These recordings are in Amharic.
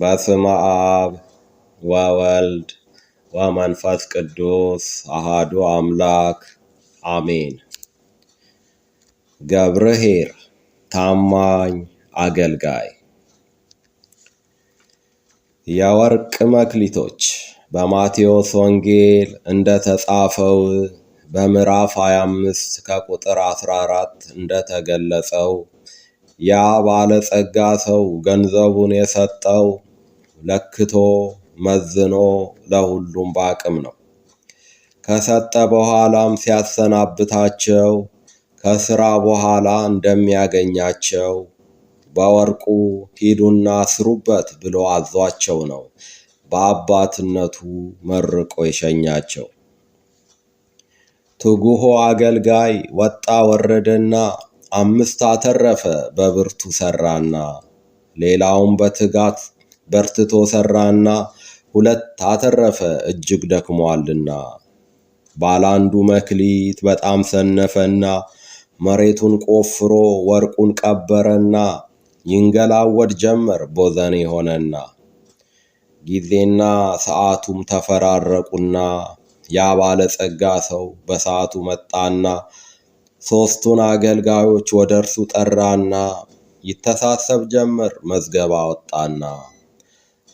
በስመ አብ ወወልድ ወመንፈስ ቅዱስ አሃዱ አምላክ አሜን። ገብርሄር ታማኝ አገልጋይ የወርቅ መክሊቶች በማቴዎስ ወንጌል እንደተጻፈው በምዕራፍ 25 ከቁጥር 14 እንደተገለጸው ያ ባለጸጋ ሰው ገንዘቡን የሰጠው ለክቶ መዝኖ ለሁሉም በአቅም ነው። ከሰጠ በኋላም ሲያሰናብታቸው ከስራ በኋላ እንደሚያገኛቸው በወርቁ ሂዱና ስሩበት ብሎ አዟቸው ነው በአባትነቱ መርቆ የሸኛቸው። ትጉሆ አገልጋይ ወጣ ወረደና አምስት አተረፈ በብርቱ ሰራና፣ ሌላውም በትጋት በርትቶ ሰራና ሁለት አተረፈ እጅግ ደክሟልና። ባላንዱ መክሊት በጣም ሰነፈና፣ መሬቱን ቆፍሮ ወርቁን ቀበረና፣ ይንገላወድ ጀመር ቦዘኔ ሆነና። ጊዜና ሰዓቱም ተፈራረቁና፣ ያ ባለጸጋ ሰው በሰዓቱ መጣና ሦስቱን አገልጋዮች ወደ እርሱ ጠራና ይተሳሰብ ጀመር። መዝገባ አወጣና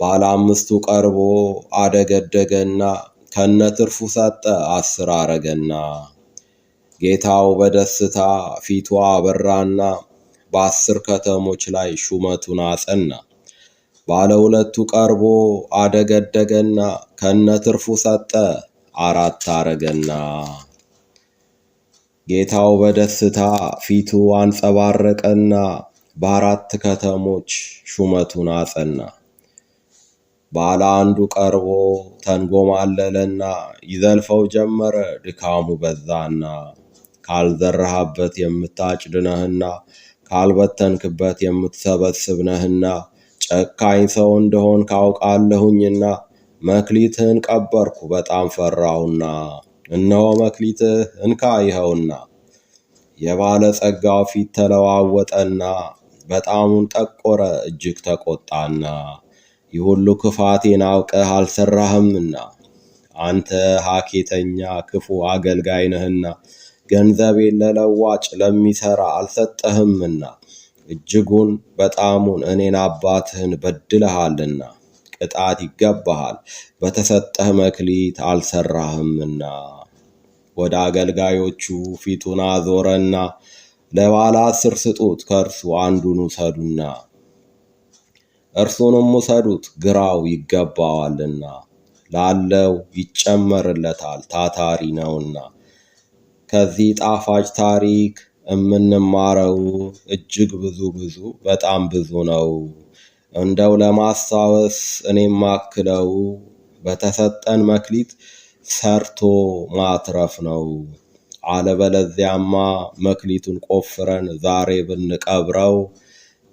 ባለ አምስቱ ቀርቦ አደገደገና ከነ ትርፉ ሰጠ። አስር አረገና ጌታው በደስታ ፊቱ አበራና በአስር ከተሞች ላይ ሹመቱን አጸና። ባለ ሁለቱ ቀርቦ አደገደገና ከነ ትርፉ ሰጠ። አራት አረገና ጌታው በደስታ ፊቱ አንጸባረቀና በአራት ከተሞች ሹመቱን አጸና። ባለ አንዱ ቀርቦ ተንጎማለለና ይዘልፈው ጀመረ ድካሙ በዛና ካልዘራህበት የምታጭድ ነህና ካልበተንክበት የምትሰበስብ ነህና ጨካኝ ሰው እንደሆን ካውቃለሁኝና መክሊትህን ቀበርኩ በጣም ፈራሁና እነሆ መክሊትህ እንካ ይኸውና። የባለ ጸጋው ፊት ተለዋወጠና በጣሙን ጠቆረ፣ እጅግ ተቆጣና ይህ ሁሉ ክፋቴን አውቀህ አልሰራህምና አንተ ሀኬተኛ ክፉ አገልጋይ ነህና ገንዘቤን ለለዋጭ ለሚሰራ አልሰጠህምና እጅጉን በጣሙን እኔን አባትህን በድለሃልና ቅጣት ይገባሃል፣ በተሰጠህ መክሊት አልሰራህምና። ወደ አገልጋዮቹ ፊቱን አዞረና ለባለ አስር ስጡት፣ ከእርሱ አንዱን ውሰዱና እርሱንም ውሰዱት፣ ግራው ይገባዋልና፣ ላለው ይጨመርለታል፣ ታታሪ ነውና። ከዚህ ጣፋጭ ታሪክ የምንማረው እጅግ ብዙ ብዙ በጣም ብዙ ነው። እንደው ለማስታወስ እኔም ማክለው በተሰጠን መክሊት ሰርቶ ማትረፍ ነው። አለበለዚያማ መክሊቱን ቆፍረን ዛሬ ብንቀብረው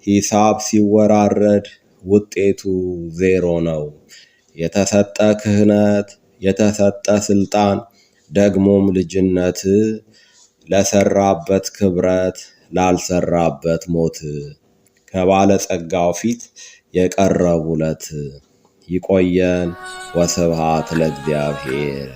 ሂሳብ ሲወራረድ ውጤቱ ዜሮ ነው። የተሰጠ ክህነት፣ የተሰጠ ስልጣን፣ ደግሞም ልጅነት ለሰራበት ክብረት ላልሰራበት ሞት ከባለጸጋው ፊት የቀረቡለት። ይቆየን። ወስብሐት ለእግዚአብሔር።